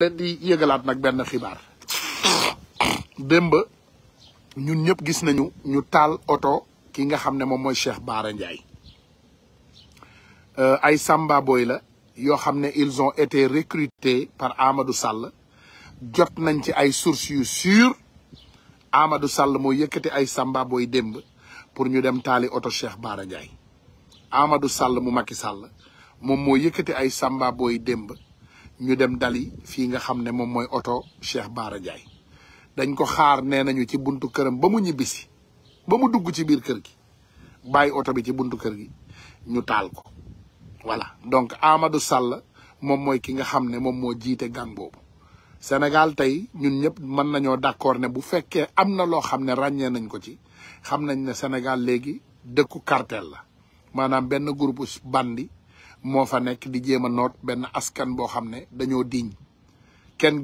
leen di yëgalaat nag benn xibaar démb ñun ñëpp gis nañu ñu taal oto ki nga xam ne moom mooy Cheikh baara njaay euh, ay Samba la yoo xam ne ils ont été recrutés par Amadou Sall jot nañ ci ay sources yu sûres Amadou Sall moo yëkkati ay Samba boy démb pour ñu dem taali oto Cheikh baara Ndiaye amadu Sall mu Macky Sall moom moo yëkkati ay Samba boy démb ñu dem dali fiinga nga xamne mom moy auto oto Cheikh bara jay dañ ko xaar nee nañu ci buntu kërëm ba mu ñibisi ba mu dugg ci biir kër gi bay oto bi ci buntu kër gi ñu taal ko voilà donc Amadou Sall mom moy ki nga xamne mom mo jité jiite gang bobu senegal tay ñun ñep man nañu d'accord ne bu fekke amna lo xamne ragné nañ ko ci xamnañ ne senegal légui dekk cartel la manam ben groupe bandi moo fa nekk di jéem a noot benn askan boo xam ne dañoo diñ kenn